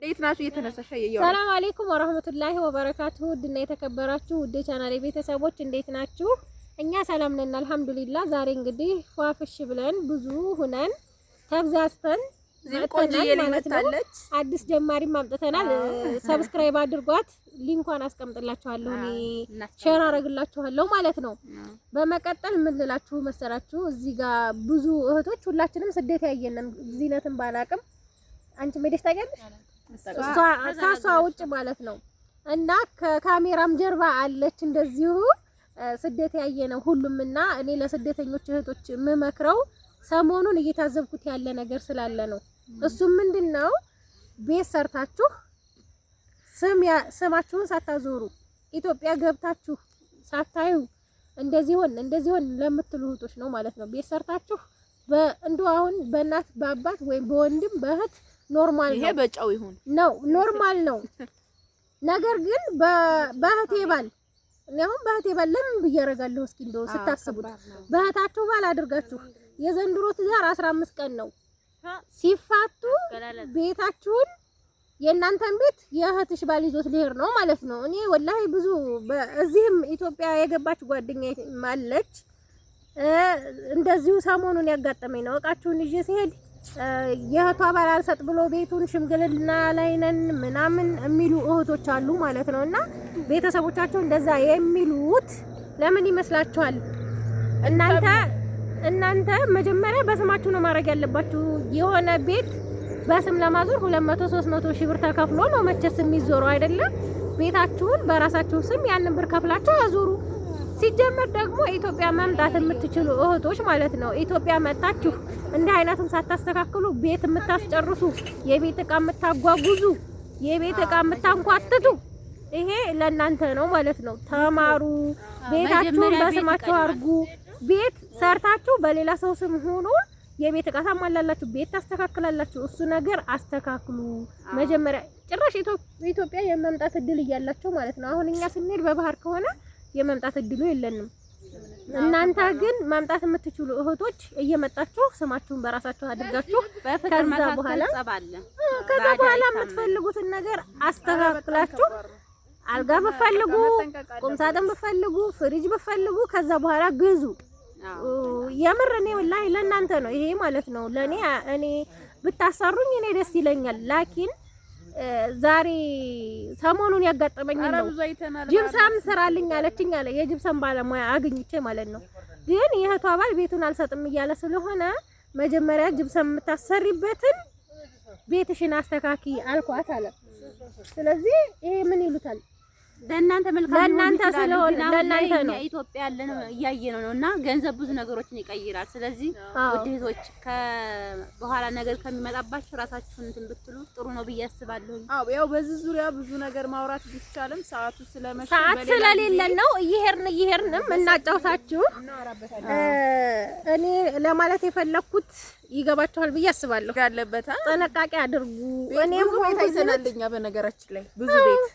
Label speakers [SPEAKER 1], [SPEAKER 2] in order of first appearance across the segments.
[SPEAKER 1] ሰላም አሌይኩም ወረህመቱላሂ ወበረካቱሁ። ውድና የተከበራችሁ ውድ ቻናል ቤተሰቦች እንዴት ናችሁ? እኛ ሰላም ነን አልሐምዱሊላ። ዛሬ እንግዲህ ፏፍሽ ብለን ብዙ ሁነን ተብዛዝተን አዲስ ጀማሪም አምጥተናል። ሰብስክራይብ አድርጓት፣ ሊንኳን አስቀምጥላችኋለሁ፣ ሼር አረግላችኋለሁ ማለት ነው። በመቀጠል የምንላችሁ መሰላችሁ እዚህ ጋር ብዙ እህቶች ሁላችንም ስደት ያየንን ዚነትን ባላቅም አንቺ ሜደሽ ታውቂያለሽ ከሷ ውጭ ማለት ነው። እና ከካሜራም ጀርባ አለች እንደዚሁ ስደት ያየ ነው ሁሉም። እና እኔ ለስደተኞች እህቶች የምመክረው ሰሞኑን እየታዘብኩት ያለ ነገር ስላለ ነው። እሱም ምንድን ነው ቤት ሰርታችሁ ስማችሁን ሳታዞሩ ኢትዮጵያ ገብታችሁ ሳታዩ እንደዚህ ሆን እንደዚህ ሆን ለምትሉ እህቶች ነው ማለት ነው። ቤት ሰርታችሁ በእንዱ አሁን በእናት በአባት ወይም በወንድም በእህት ኖርማል
[SPEAKER 2] ነው። ይሄ በጨው ይሁን
[SPEAKER 1] ነው ኖርማል ነው። ነገር ግን በእህቴ ባል እኔ አሁን በእህቴ ባል ለምን ብዬ አደርጋለሁ? እስኪ እንደው ስታስቡት በእህታችሁ ባል አድርጋችሁ የዘንድሮ ትዳር አስራ አምስት ቀን ነው ሲፋቱ ቤታችሁን የእናንተን ቤት የእህትሽ ባል ይዞት ሊሄድ ነው ማለት ነው። እኔ ወላሂ ብዙ እዚህም ኢትዮጵያ የገባች ጓደኛ አለች። እንደዚሁ ሰሞኑን ያጋጠመኝ ነው። እቃችሁን ይዤ ሲሄድ የእህቷ ባል አልሰጥ ብሎ ቤቱን ሽምግልና ላይ ነን ምናምን የሚሉ እህቶች አሉ ማለት ነው። እና ቤተሰቦቻቸው እንደዛ የሚሉት ለምን ይመስላችኋል? እናንተ እናንተ መጀመሪያ በስማችሁ ነው ማድረግ ያለባችሁ። የሆነ ቤት በስም ለማዞር ሶስት መቶ ሺህ ብር ተከፍሎ ነው መቼስ የሚዞረው አይደለም። ቤታችሁን በራሳችሁ ስም ያንን ብር ከፍላችሁ አዙሩ። ሲጀመር ደግሞ ኢትዮጵያ መምጣት የምትችሉ እህቶች ማለት ነው። ኢትዮጵያ መጣችሁ እንዲህ አይነቱን ሳታስተካክሉ ቤት የምታስጨርሱ፣ የቤት እቃ የምታጓጉዙ፣ የቤት እቃ የምታንኳትቱ ይሄ ለእናንተ ነው ማለት ነው። ተማሩ፣ ቤታችሁን በስማችሁ አድርጉ። ቤት ሰርታችሁ በሌላ ሰው ስም ሆኖ የቤት እቃ ታሟላላችሁ፣ ቤት ታስተካክላላችሁ። እሱ ነገር አስተካክሉ መጀመሪያ። ጭራሽ ኢትዮጵያ የመምጣት እድል እያላቸው ማለት ነው። አሁን እኛ ስንሄድ በባህር ከሆነ የመምጣት እድሉ የለንም። እናንተ ግን ማምጣት የምትችሉ እህቶች እየመጣችሁ ስማችሁን በራሳችሁ አድርጋችሁ ከዛ በኋላ ከዛ በኋላ የምትፈልጉትን ነገር አስተካክላችሁ አልጋ ብፈልጉ፣ ቁምሳጥን ብፈልጉ፣ ፍሪጅ ብፈልጉ ከዛ በኋላ ግዙ። የምር እኔ ወላሂ ለእናንተ ነው ይሄ ማለት ነው። ለእኔ እኔ ብታሰሩኝ እኔ ደስ ይለኛል ላኪን ዛሬ ሰሞኑን ያጋጠመኝ ነው። ጅብሰም ስራልኝ አለችኝ አለ የጅብሰም ባለሙያ አግኝቼ ማለት ነው። ግን የእህቷ ባል ቤቱን አልሰጥም እያለ ስለሆነ መጀመሪያ ጅብሰም የምታሰሪበትን ቤትሽን አስተካኪ አልኳት አለ። ስለዚህ ይሄ ምን ይሉታል ለእናንተ መልካም ለእናንተ ስለሆነ ለእናንተ ነው። ኢትዮጵያ ያለን እያየ ነው እና ገንዘብ ብዙ ነገሮችን ይቀይራል። ስለዚህ ውድ እህቶች በኋላ ነገር ከሚመጣባችሁ ራሳችሁን እንትን ብትሉ ጥሩ ነው ብዬ አስባለሁ። አዎ ያው በዚህ ዙሪያ ብዙ
[SPEAKER 2] ነገር ማውራት ቢቻልም ሰዓቱ ስለመሸ ሰዓት ስለሌለን ነው እየሄድን
[SPEAKER 1] እየሄድንም እናጫውታችሁ እኔ ለማለት የፈለኩት ይገባችኋል ብዬ አስባለሁ። ያለበታ
[SPEAKER 2] ጥንቃቄ አድርጉ።
[SPEAKER 1] እኔም ሆንኩኝ በነገራችን ላይ ብዙ ቤት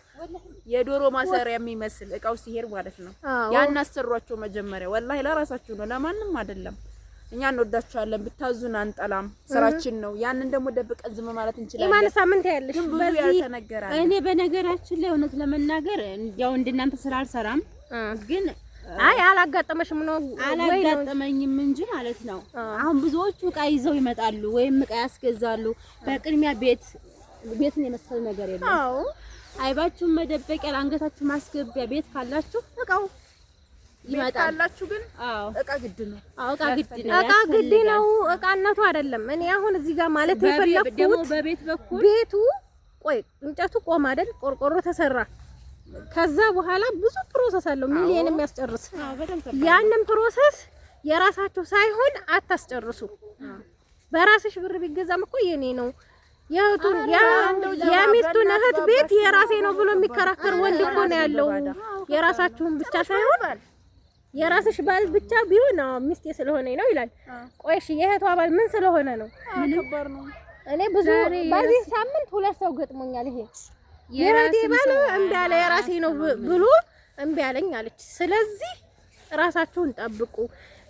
[SPEAKER 1] የዶሮ ማሰሪያ የሚመስል እቃው ሲሄድ ማለት ነው። ያን አሰሯቸው መጀመሪያ። ወላሂ ለራሳችሁ ነው፣ ለማንም አይደለም። እኛ እንወዳችኋለን፣ ብታዙን አንጠላም፣ ስራችን ነው። ያንን ደግሞ ደብቀን ዝም ማለት እንችላለን። ኢማን ሳምንት ያለሽ እኔ በነገራችን ላይ እውነት ለመናገር ያው እንደናንተ ስራ አልሰራም ግን አይ አላጋጠመሽም ነው? አላጋጠመኝም እንጂ ማለት ነው። አሁን ብዙዎቹ እቃ ይዘው ይመጣሉ ወይም እቃ ያስገዛሉ። በቅድሚያ ቤት ቤትን የመሰለ ነገር የለም። አይባችሁን መደበቂያ አንገታችሁ ማስገቢያ ቤት ካላችሁ እቃው ይመጣላችሁ ግን እቃ ግድ ነው። እቃ ግድ ነው። እቃ ግድ ነው። እቃነቱ አይደለም። እኔ አሁን እዚህ ጋር ማለት የፈለኩት በቤት በኩል ቤቱ ቆይ እንጨቱ ቆም አይደል ቆርቆሮ ተሰራ። ከዛ በኋላ ብዙ ፕሮሰስ አለው ሚሊየን የሚያስጨርስ ያንን ፕሮሰስ የራሳችሁ ሳይሆን አታስጨርሱ። በራስሽ ብር ቢገዛም እኮ የኔ ነው የሚስቱን እህት ቤት የራሴ ነው ብሎ የሚከራከር ወንድ እኮ ነው ያለው። የራሳችሁን ብቻ ሳይሆን የራስሽ ባል ብቻ ቢሆን ሚስቴ ስለሆነ ነው ይላል። ቆይሽ የእህቷ ባል ምን ስለሆነ ነው? እኔ ብዙ በዚህ ሳምንት ሁለት ሰው ገጥሞኛል። ይሄ የራሴ ባል እምቢ አለ የራሴ ነው ብሎ እምቢ አለኝ አለች። ስለዚህ ራሳችሁን ጠብቁ፣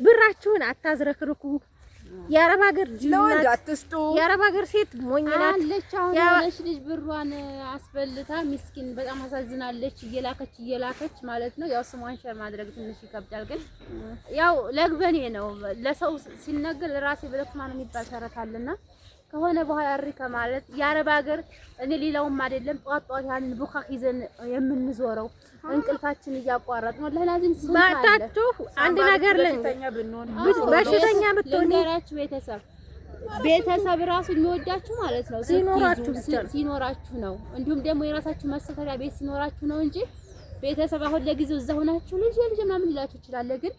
[SPEAKER 1] ብራችሁን አታዝረክርኩ የአረብ ሀገር ለወንድ አትስጡ። የአረብ ሀገር ሴት ሞኝ ናት አለች። አሁን ያለች ልጅ ብሯን አስበልታ ሚስኪን በጣም አሳዝናለች። እየላከች እየላከች ማለት ነው። ያው ስሟን ሸር ማድረግ ትንሽ ይከብዳል፣ ግን ያው ለግበኔ ነው ለሰው ሲነገር ራሴ በለክማ ነው የሚባል ተረት አለና ከሆነ በኋላ እሪከ ማለት የአረብ ሀገር እኔ ሌላውም አይደለም ጧት ጧት ያን ቡካክ ይዘን የምንዞረው እንቅልፋችን እያቋረጥ ነው። ለላዚም ባታችሁ አንድ ነገር ለበሽተኛ ብንሆን በሽተኛ ብትሆን ቤተሰብ ቤተሰብ ራሱ የሚወዳችሁ ማለት ነው ሲኖራችሁ ሲኖራችሁ ነው። እንዲሁም ደግሞ የራሳችሁ መሰፈሪያ ቤት ሲኖራችሁ ነው እንጂ ቤተሰብ አሁን ለጊዜው እዛ ሆናችሁ ልጅ ልጅ ምናምን ይላችሁ ይችላል ግን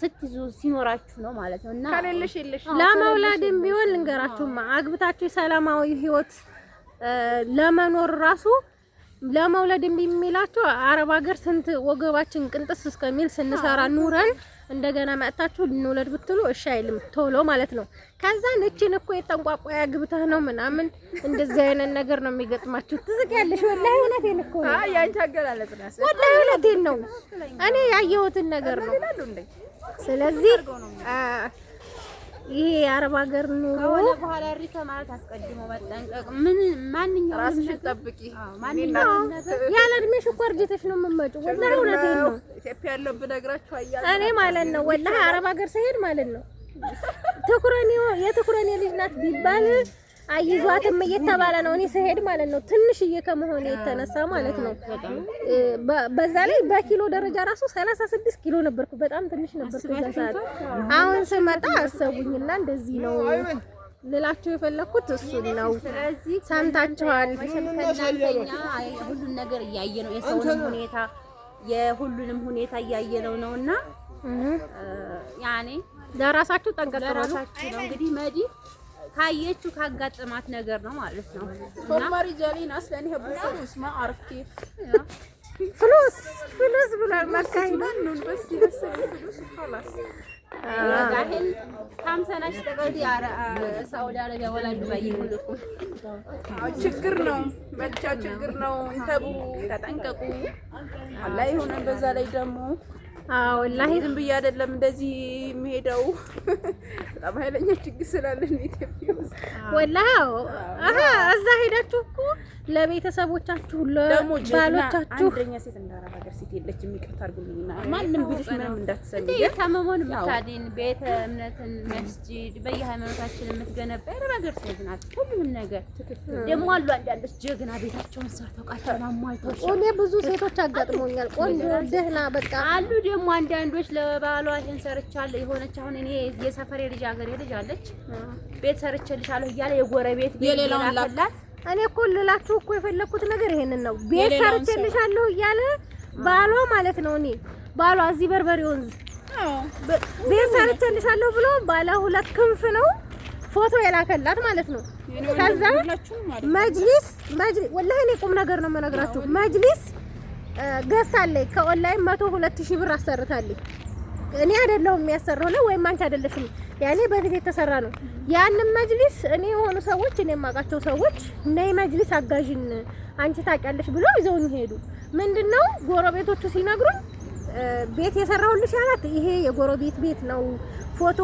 [SPEAKER 1] ስትይዙ ሲኖራችሁ ነው ማለት ነው። እና ለመውለድም ቢሆን ልንገራችሁማ አግብታችሁ የሰላማዊ ህይወት ለመኖር ራሱ ለመውለድ እምቢ የሚላችሁ አረብ ሀገር ስንት ወገባችን ቅንጥስ እስከሚል ስንሰራ ኑረን እንደገና መጥታችሁ ልንወለድ ብትሉ እሺ አይልም ቶሎ ማለት ነው። ከዛ እችን እኮ የጠንቋቋያ ግብተህ ነው ምናምን እንደዚህ አይነት ነገር ነው የሚገጥማችሁ። ትዝጊያለሽ። ወላሂ እውነቴን እኮ ነው። አይ አንቺ አገላለጽ ናስ ወላሂ እውነቴን ነው። እኔ ያየሁትን ነገር ነው። ስለዚህ ይሄ የአረብ ሀገር ኑሮ ከሆነ በኋላ ሪከ ማለት አስቀድሞ መጠንቀቅ ምን ማንኛውም ራስሽን ጠብቂ። ማንኛውም ያለ እድሜሽ እኮ እርጅተሽ ነው የምትመጪው። ወላሂ እውነቴን ነው። ኢትዮጵያ ያለው ብነግራችሁ አያል እኔ ማለት ነው ወላሂ አረብ ሀገር ስሄድ ማለት ነው ትኩረኔ የትኩረኔ ልጅ ናት ቢባል አይዟትም እየተባለ ነው። እኔ ስሄድ ማለት ነው ትንሽዬ ከመሆን የተነሳ ማለት ነው። በዛ ላይ በኪሎ ደረጃ ራሱ 36 ኪሎ ነበርኩ። በጣም ትንሽ ነበርኩ በዛ ሰዓት። አሁን ስመጣ አሰቡኝና እንደዚህ ነው ልላችሁ የፈለኩት እሱን ነው። ሰምታችኋል። ሁሉን ነገር እያየ ነው የሰውን ሁኔታ የሁሉንም ሁኔታ እያየ ነው ያኔ ለራሳችሁ ጠንቀቅ ነው እንግዲህ መዲ ካየችው ካጋጠማት ነገር ነው ማለት ነው። ሶማሪ ጃሊና ስለኔ ህብስማ አርፍቴ ፍሉስ ፍሉስ ብሏል። ማካኝ በስ ይበሰል ፍሉስ ይፈላስ ያህል አረቢያ ወላ ዱባይ ችግር ነው መቻ ችግር ነው። እንተቡ ተጠንቀቁ። አላህ በዛ ላይ ደግሞ ወላሂ ዝም ብዬ አይደለም እንደዚህ የምሄደው። በጣም ኃይለኛ ችግር ስላለን ኢትዮጵያ ውስጥ እዛ ሄዳችሁ እኮ ለቤተሰቦቻችሁ ለባሎቻችሁ አንደኛ ሴት እንዳራ ሀገር ሴት የለችም። ይቅርታ አድርጉልኝና ማንም ቢልሽ ምንም እንዳትሰሚ። የታመመውን የምታድን ቤተ እምነትን መስጂድ በየሃይማኖታችን የምትገነባ ያረብ ሀገር ሴት ናት። ሁሉንም ነገር ደግሞ አሉ አንዳንዶች ጀግና ቤታቸውን ሰርተው ቃቸውን አሟልተው። እኔ ብዙ ሴቶች አጋጥሞኛል። ቆንጆ ደህና በቃ አሉ ደግሞ አንዳንዶች ለባሏ ይሄን ሰርቻለሁ የሆነች አሁን እኔ የሰፈሬ ልጅ ሀገሬ ልጅ አለች ቤት ሰርቼልሻለሁ እያለ የጎረቤት የሌላውን ላከላት። እኔ እኮ ልላችሁ እኮ የፈለኩት ነገር ይሄንን ነው። ቤት ሰርቼልሻለሁ እያለ ባሏ ማለት ነው። እኔ ባሏ እዚህ በርበሬ ወንዝ ቤት ሰርቼልሻለሁ ብሎ ባለ ሁለት ክንፍ ነው ፎቶ የላከላት ማለት ነው። ከዛ መጅሊስ መጅሊስ ወላሂ እኔ ቁም ነገር ነው የምነግራችሁ መጅሊስ ገዝታለች። ከኦንላይን መቶ ሁለት ሺህ ብር አሰርታለች። እኔ አይደለሁም የሚያሰራው ነው ወይም አንቺ አይደለሽም። ያኔ በፊት የተሰራ ነው። ያንን መጅሊስ እኔ የሆኑ ሰዎች እኔ የማውቃቸው ሰዎች ነይ መጅሊስ አጋዥን አንቺ ታውቂያለሽ ብሎ ይዘውኝ ሄዱ። ምንድነው ጎረቤቶቹ ሲነግሩኝ ቤት የሰራሁልሽ አላት። ይሄ የጎረቤት ቤት ነው፣ ፎቶ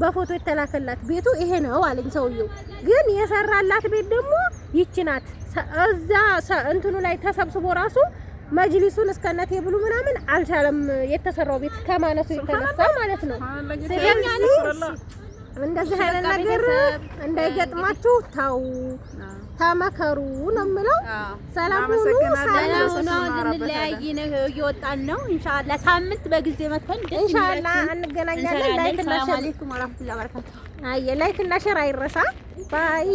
[SPEAKER 1] በፎቶ የተላከላት ቤቱ ይሄ ነው አለኝ ሰውየው። ግን የሰራላት ቤት ደግሞ ይች ናት። እዛ እንትኑ ላይ ተሰብስቦ ራሱ መጅሊሱን እስከነ ቴብሉ ምናምን አልቻለም። የተሰራው ቤት ከማነሱ የተነሳ ማለት ነው። እንደዚህ አይነት ነገር እንዳይገጥማችሁ ታው ተመከሩ ነው የምለው። ሰላም ሁኑ። ልንለያይ ነው፣ እየወጣን ነው። ኢንሻአላህ ሳምንት በጊዜ መተን ኢንሻአላህ እንገናኛለን። ላይክ እና ሼር አይረሳ ባይ